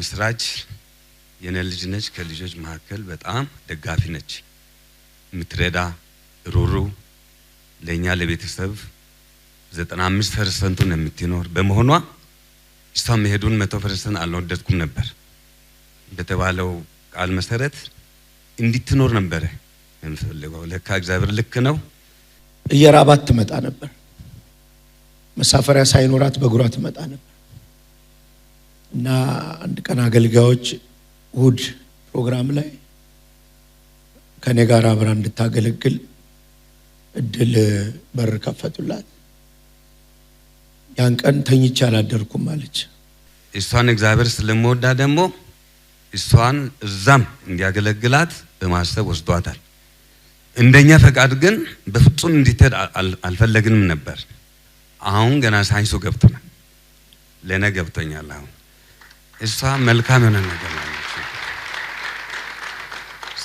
ምስራች የኔ ልጅ ነች። ከልጆች መካከል በጣም ደጋፊ ነች፣ የምትረዳ ሩሩ፣ ለእኛ ለቤተሰብ ዘጠና አምስት ፐርሰንቱን የምትኖር በመሆኗ እሷ መሄዱን መቶ ፐርሰንት አልወደድኩም ነበር። በተባለው ቃል መሰረት እንድትኖር ነበረ የምፈልገው። ለካ እግዚአብሔር ልክ ነው። እየራባት ትመጣ ነበር፣ መሳፈሪያ ሳይኖራት በእግሯ ትመጣ ነበር። እና አንድ ቀን አገልጋዮች እሑድ ፕሮግራም ላይ ከእኔ ጋር አብራ እንድታገለግል እድል በር ከፈቱላት። ያን ቀን ተኝቼ አላደርኩም አለች። እሷን እግዚአብሔር ስለምወዳ ደግሞ እሷን እዛም እንዲያገለግላት በማሰብ ወስዷታል። እንደኛ ፈቃድ ግን በፍጹም እንዲትሄድ አልፈለግንም ነበር። አሁን ገና ሳይንሱ ገብቶናል። ለእኔ ገብቶኛል አሁን እሷ መልካም የሆነ ነገር ናለች።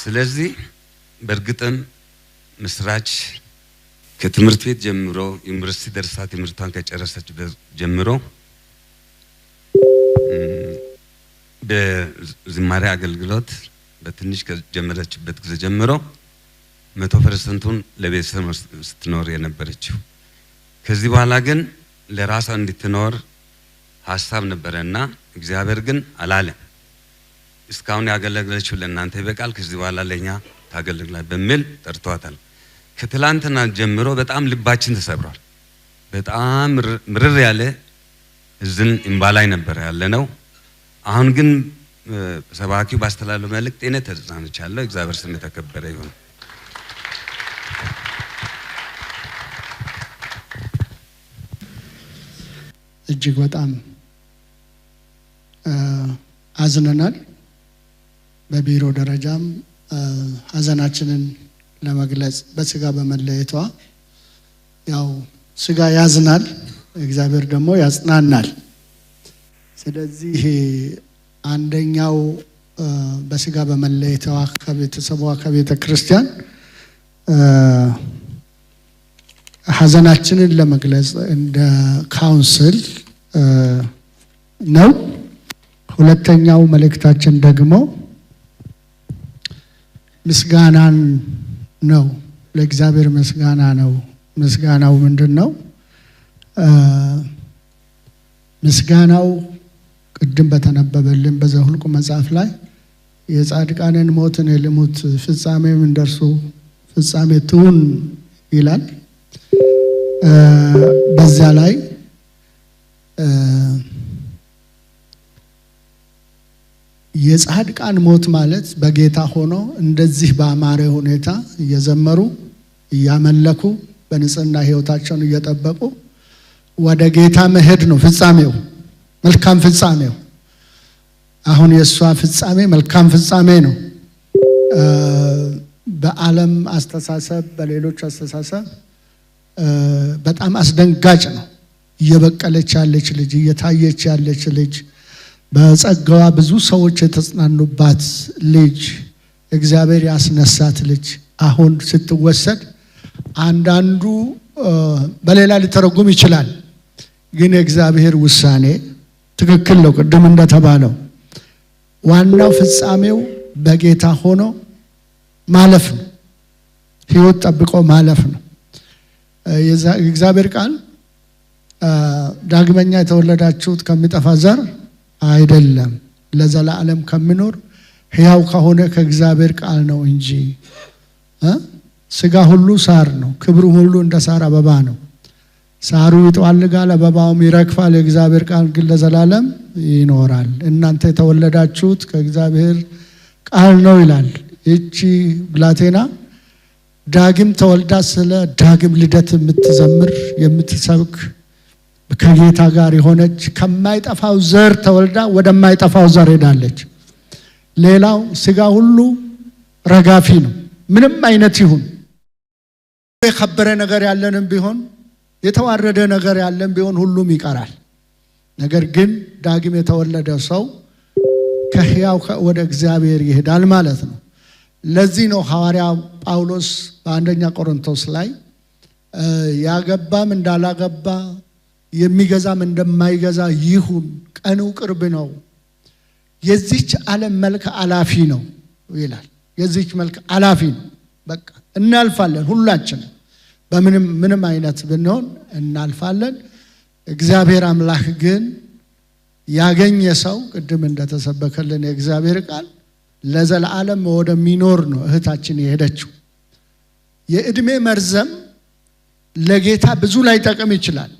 ስለዚህ በእርግጥም ምስራች ከትምህርት ቤት ጀምሮ ዩኒቨርሲቲ ደርሳ ትምህርቷን ከጨረሰች ጀምሮ በዝማሬ አገልግሎት በትንሽ ከጀመረችበት ጊዜ ጀምሮ መቶ ፐርሰንቱን ለቤተሰብ ስትኖር የነበረችው ከዚህ በኋላ ግን ለራሷ እንድትኖር ሀሳብ ነበረና እግዚአብሔር ግን አላለም። እስካሁን ያገለግለችው ለእናንተ ይበቃል፣ ከዚህ በኋላ ለእኛ ታገለግላል በሚል ጠርቷታል። ከትላንትና ጀምሮ በጣም ልባችን ተሰብሯል። በጣም ምርር ያለ እዝን እምባ ላይ ነበር ያለ ነው። አሁን ግን ሰባኪው ባስተላለፈው መልእክት እኔ ተጽናንቻለሁ። እግዚአብሔር ስም የተከበረ ይሁን። እጅግ በጣም አዝነናል። በቢሮ ደረጃም ሀዘናችንን ለመግለጽ በስጋ በመለየቷ ያው ስጋ ያዝናል፣ እግዚአብሔር ደግሞ ያጽናናል። ስለዚህ አንደኛው በስጋ በመለየቷ ከቤተሰቧ ከቤተ ክርስቲያን ሀዘናችንን ለመግለጽ እንደ ካውንስል ነው። ሁለተኛው መልእክታችን ደግሞ ምስጋናን ነው። ለእግዚአብሔር ምስጋና ነው። ምስጋናው ምንድን ነው? ምስጋናው ቅድም በተነበበልን በዘኍልቍ መጽሐፍ ላይ የጻድቃንን ሞትን የልሙት ፍጻሜ ፍጻሜም እንደርሱ ፍጻሜ ትሁን ይላል። በዚያ ላይ የጻድቃን ሞት ማለት በጌታ ሆኖ እንደዚህ በአማረ ሁኔታ እየዘመሩ እያመለኩ በንጽህና ህይወታቸውን እየጠበቁ ወደ ጌታ መሄድ ነው ፍጻሜው፣ መልካም ፍጻሜው። አሁን የእሷ ፍጻሜ መልካም ፍጻሜ ነው። በዓለም አስተሳሰብ፣ በሌሎች አስተሳሰብ በጣም አስደንጋጭ ነው። እየበቀለች ያለች ልጅ፣ እየታየች ያለች ልጅ በጸጋዋ ብዙ ሰዎች የተጽናኑባት ልጅ እግዚአብሔር ያስነሳት ልጅ አሁን ስትወሰድ አንዳንዱ በሌላ ሊተረጉም ይችላል። ግን የእግዚአብሔር ውሳኔ ትክክል ነው። ቅድም እንደተባለው ዋናው ፍጻሜው በጌታ ሆኖ ማለፍ ነው። ሕይወት ጠብቆ ማለፍ ነው። የእግዚአብሔር ቃል ዳግመኛ የተወለዳችሁት ከሚጠፋ ዘር አይደለም፣ ለዘላለም ከሚኖር ሕያው ከሆነ ከእግዚአብሔር ቃል ነው እንጂ። ስጋ ሁሉ ሳር ነው፣ ክብሩ ሁሉ እንደ ሳር አበባ ነው። ሳሩ ይጠዋልጋል፣ አበባውም ይረግፋል። የእግዚአብሔር ቃል ግን ለዘላለም ይኖራል። እናንተ የተወለዳችሁት ከእግዚአብሔር ቃል ነው ይላል። ይቺ ብላቴና ዳግም ተወልዳ ስለ ዳግም ልደት የምትዘምር የምትሰብክ ከጌታ ጋር የሆነች ከማይጠፋው ዘር ተወልዳ ወደማይጠፋው ዘር ሄዳለች። ሌላው ስጋ ሁሉ ረጋፊ ነው። ምንም አይነት ይሁን የከበረ ነገር ያለንም ቢሆን የተዋረደ ነገር ያለን ቢሆን ሁሉም ይቀራል። ነገር ግን ዳግም የተወለደ ሰው ከሕያው ወደ እግዚአብሔር ይሄዳል ማለት ነው። ለዚህ ነው ሐዋርያ ጳውሎስ በአንደኛ ቆሮንቶስ ላይ ያገባም እንዳላገባ የሚገዛም እንደማይገዛ ይሁን፣ ቀኑ ቅርብ ነው። የዚች ዓለም መልክ አላፊ ነው ይላል። የዚች መልክ አላፊ ነው። በቃ እናልፋለን፣ ሁላችንም በምንም ምንም አይነት ብንሆን እናልፋለን። እግዚአብሔር አምላክ ግን ያገኘ ሰው ቅድም እንደተሰበከልን የእግዚአብሔር ቃል ለዘላለም ወደሚኖር ነው እህታችን የሄደችው። የዕድሜ መርዘም ለጌታ ብዙ ላይጠቅም ይችላል።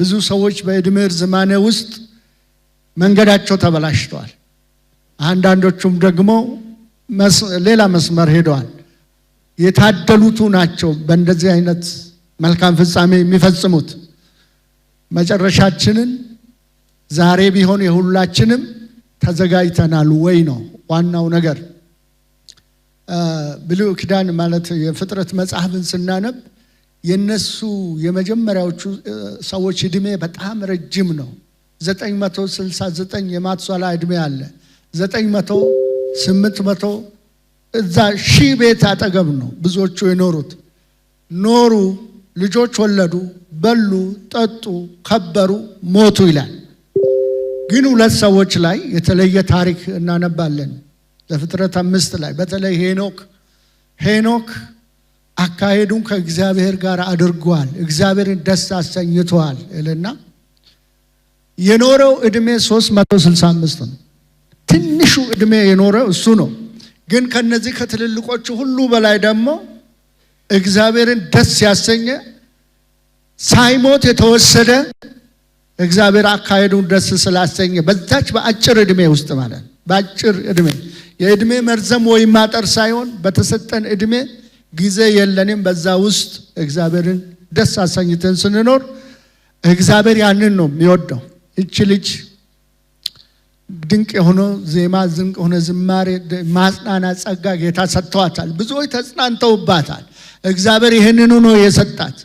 ብዙ ሰዎች በዕድሜ ርዝማኔ ውስጥ መንገዳቸው ተበላሽተዋል። አንዳንዶቹም ደግሞ ሌላ መስመር ሄደዋል። የታደሉቱ ናቸው በእንደዚህ አይነት መልካም ፍጻሜ የሚፈጽሙት። መጨረሻችንን ዛሬ ቢሆን የሁላችንም ተዘጋጅተናል ወይ ነው ዋናው ነገር። ብሉይ ኪዳን ማለት የፍጥረት መጽሐፍን ስናነብ የነሱ የመጀመሪያዎቹ ሰዎች እድሜ በጣም ረጅም ነው። 969 የማትሷላ እድሜ አለ። 900 800 እዛ ሺህ ቤት አጠገብ ነው ብዙዎቹ የኖሩት። ኖሩ፣ ልጆች ወለዱ፣ በሉ፣ ጠጡ፣ ከበሩ፣ ሞቱ ይላል። ግን ሁለት ሰዎች ላይ የተለየ ታሪክ እናነባለን። ዘፍጥረት አምስት ላይ በተለይ ሄኖክ ሄኖክ አካሄዱን ከእግዚአብሔር ጋር አድርጓል፣ እግዚአብሔርን ደስ አሰኝቷል እልና የኖረው ዕድሜ 365 ነው። ትንሹ ዕድሜ የኖረው እሱ ነው። ግን ከነዚህ ከትልልቆቹ ሁሉ በላይ ደግሞ እግዚአብሔርን ደስ ያሰኘ ሳይሞት የተወሰደ እግዚአብሔር አካሄዱን ደስ ስላሰኘ በዛች በአጭር ዕድሜ ውስጥ ማለት በአጭር ዕድሜ የዕድሜ መርዘም ወይም ማጠር ሳይሆን በተሰጠን ዕድሜ ጊዜ የለንም። በዛ ውስጥ እግዚአብሔርን ደስ አሰኝተን ስንኖር እግዚአብሔር ያንን ነው የሚወደው። እቺ ልጅ ድንቅ የሆነ ዜማ፣ ድንቅ የሆነ ዝማሬ፣ ማጽናና ጸጋ ጌታ ሰጥተዋታል። ብዙዎች ተጽናንተውባታል። እግዚአብሔር ይህንኑ ነው የሰጣት።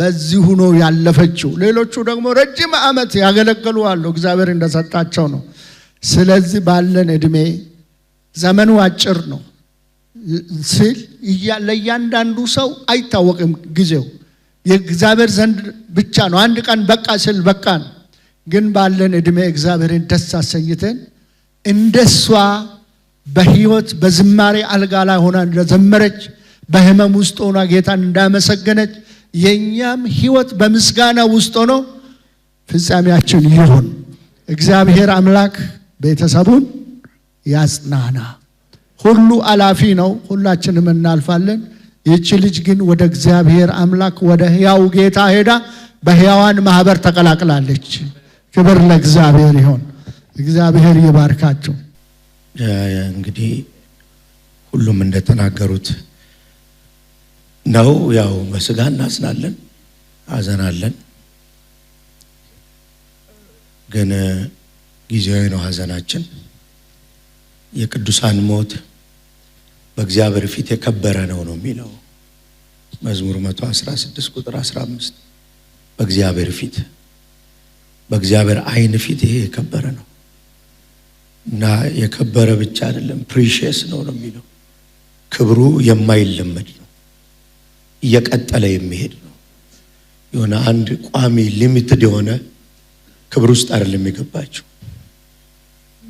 በዚህ ሁኖ ያለፈችው። ሌሎቹ ደግሞ ረጅም ዓመት ያገለገሉ አሉ። እግዚአብሔር እንደሰጣቸው ነው። ስለዚህ ባለን ዕድሜ ዘመኑ አጭር ነው። ስል ለእያንዳንዱ ሰው አይታወቅም ጊዜው የእግዚአብሔር ዘንድ ብቻ ነው። አንድ ቀን በቃ ስል በቃ ነው። ግን ባለን እድሜ እግዚአብሔርን ደስ አሰኝተን እንደሷ በህይወት በዝማሬ አልጋ ላይ ሆና እንደዘመረች በህመም ውስጥ ሆና ጌታን እንዳመሰገነች የእኛም ህይወት በምስጋና ውስጥ ሆኖ ፍጻሜያችን ይሁን። እግዚአብሔር አምላክ ቤተሰቡን ያጽናና። ሁሉ አላፊ ነው። ሁላችንም እናልፋለን። ይቺ ልጅ ግን ወደ እግዚአብሔር አምላክ ወደ ሕያው ጌታ ሄዳ በሕያዋን ማህበር ተቀላቅላለች። ክብር ለእግዚአብሔር ይሆን። እግዚአብሔር ይባርካቸው። እንግዲህ ሁሉም እንደተናገሩት ነው። ያው በስጋ እናስናለን፣ አዘናለን። ግን ጊዜያዊ ነው ሀዘናችን። የቅዱሳን ሞት በእግዚአብሔር ፊት የከበረ ነው ነው የሚለው መዝሙር 116 ቁጥር 15 በእግዚአብሔር ፊት በእግዚአብሔር አይን ፊት ይሄ የከበረ ነው እና የከበረ ብቻ አይደለም፣ ፕሪሽስ ነው ነው የሚለው ክብሩ የማይለመድ ነው፣ እየቀጠለ የሚሄድ ነው። የሆነ አንድ ቋሚ ሊሚትድ የሆነ ክብር ውስጥ አይደለም የሚገባቸው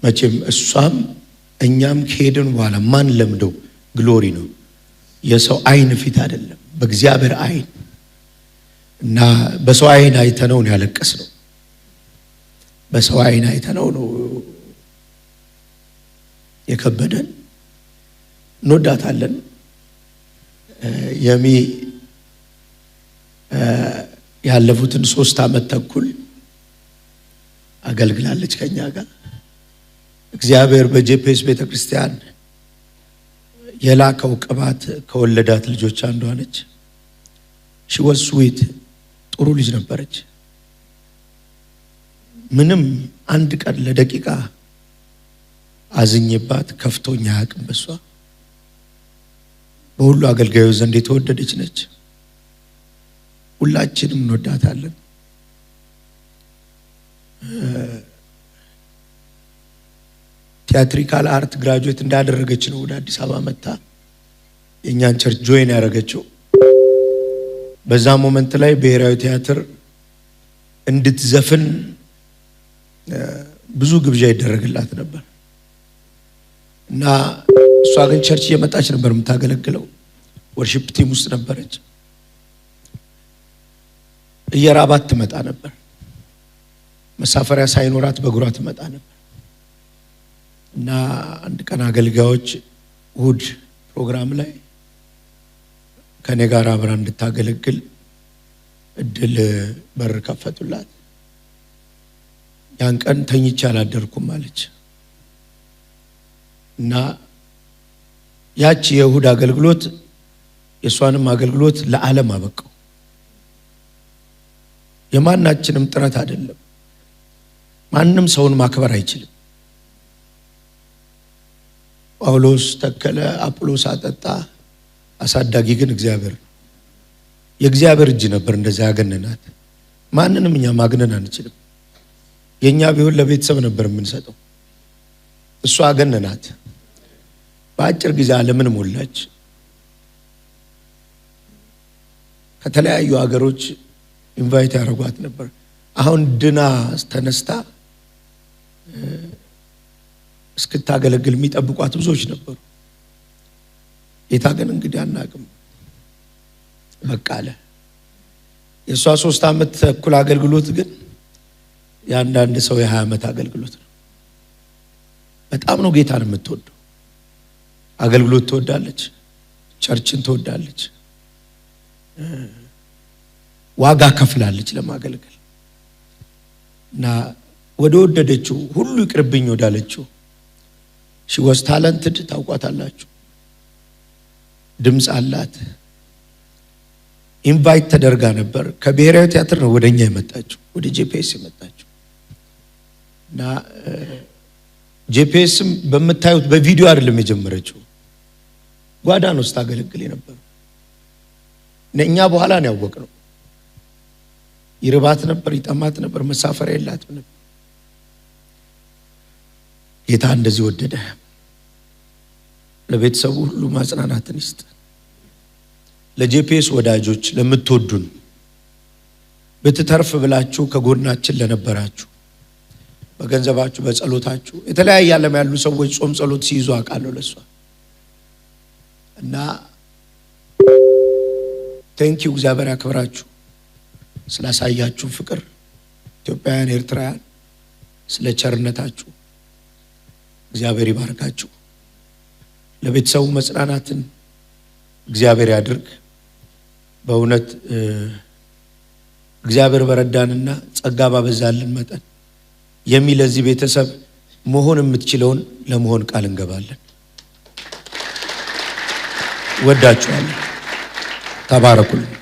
መቼም እሷም እኛም ከሄድን በኋላ ማን ለምደው ግሎሪ ነው። የሰው አይን ፊት አይደለም፣ በእግዚአብሔር አይን እና በሰው አይን አይተነው ነው ያለቀስ ነው። በሰው አይን አይተነው ነው የከበደን። እንወዳታለን የሚ ያለፉትን ሶስት አመት ተኩል አገልግላለች ከኛ ጋር እግዚአብሔር በጄፔስ ቤተክርስቲያን የላከው ቅባት ከወለዳት ልጆች አንዷ ነች። ሽወዝ ስዊት ጥሩ ልጅ ነበረች። ምንም አንድ ቀን ለደቂቃ አዝኝባት ከፍቶኛ አያውቅም። በሷ በሁሉ አገልጋዩ ዘንድ የተወደደች ነች። ሁላችንም እንወዳታለን። ቲያትሪካል አርት ግራጁዌት እንዳደረገች ነው ወደ አዲስ አበባ መታ የእኛን ቸርች ጆይን ያደረገችው። በዛ ሞመንት ላይ ብሔራዊ ቲያትር እንድትዘፍን ብዙ ግብዣ ይደረግላት ነበር እና እሷ ግን ቸርች እየመጣች ነበር የምታገለግለው። ወርሽፕ ቲም ውስጥ ነበረች። እየራባት ትመጣ ነበር። መሳፈሪያ ሳይኖራት በእግሯ ትመጣ ነበር። እና አንድ ቀን አገልጋዮች እሁድ ፕሮግራም ላይ ከእኔ ጋር አብራ እንድታገለግል እድል በር ከፈቱላት። ያን ቀን ተኝቼ አላደርኩም አለች እና ያቺ የእሁድ አገልግሎት የእሷንም አገልግሎት ለዓለም አበቃው። የማናችንም ጥረት አይደለም። ማንም ሰውን ማክበር አይችልም። ጳውሎስ ተከለ፣ አጵሎስ አጠጣ፣ አሳዳጊ ግን እግዚአብሔር የእግዚአብሔር እጅ ነበር። እንደዚያ ያገነናት ማንንም እኛ ማግነን አንችልም። የእኛ ቢሆን ለቤተሰብ ነበር የምንሰጠው። እሷ አገነናት። በአጭር ጊዜ ዓለምን ሞላች። ከተለያዩ ሀገሮች ኢንቫይት ያደርጓት ነበር። አሁን ድና ተነስታ እስክታገለግል የሚጠብቋት ብዙዎች ነበሩ። ጌታ ግን እንግዲህ አናቅም በቃ አለ። የእሷ ሶስት ዓመት ተኩል አገልግሎት ግን የአንዳንድ ሰው የሀያ ዓመት አገልግሎት ነው። በጣም ነው ጌታን የምትወደው። አገልግሎት ትወዳለች፣ ቸርችን ትወዳለች፣ ዋጋ ከፍላለች ለማገልገል እና ወደ ወደደችው ሁሉ ይቅርብኝ ወዳለችው ሽወዝ ታለንትድ ታውቋታላችሁ። ድምፅ አላት። ኢንቫይት ተደርጋ ነበር። ከብሔራዊ ቲያትር ነው ወደ እኛ የመጣችው፣ ወደ ጄፒኤስ የመጣችው እና ጄፒኤስም በምታዩት በቪዲዮ አይደለም የጀመረችው፣ ጓዳ ነው ስታገለግል ነበር። እኛ በኋላ ነው ያወቅነው። ይርባት ነበር፣ ይጠማት ነበር፣ መሳፈሪያ የላትም ነበር። ጌታ እንደዚህ ወደደ። ለቤተሰቡ ሁሉ ማጽናናትን ይስጥ። ለጄፒኤስ ወዳጆች ለምትወዱን ብትተርፍ ብላችሁ ከጎናችን ለነበራችሁ በገንዘባችሁ በጸሎታችሁ የተለያየ ዓለም ያሉ ሰዎች ጾም ጸሎት ሲይዙ አቃሉ ለሷ እና ቴንኪ እግዚአብሔር ያክብራችሁ ስላሳያችሁ ፍቅር ኢትዮጵያውያን ኤርትራውያን፣ ስለ ቸርነታችሁ እግዚአብሔር ይባርካችሁ። ለቤተሰቡ መጽናናትን እግዚአብሔር ያድርግ። በእውነት እግዚአብሔር በረዳንና ጸጋ ባበዛልን መጠን የሚል ለዚህ ቤተሰብ መሆን የምትችለውን ለመሆን ቃል እንገባለን። ወዳችኋለሁ። ተባረኩልን።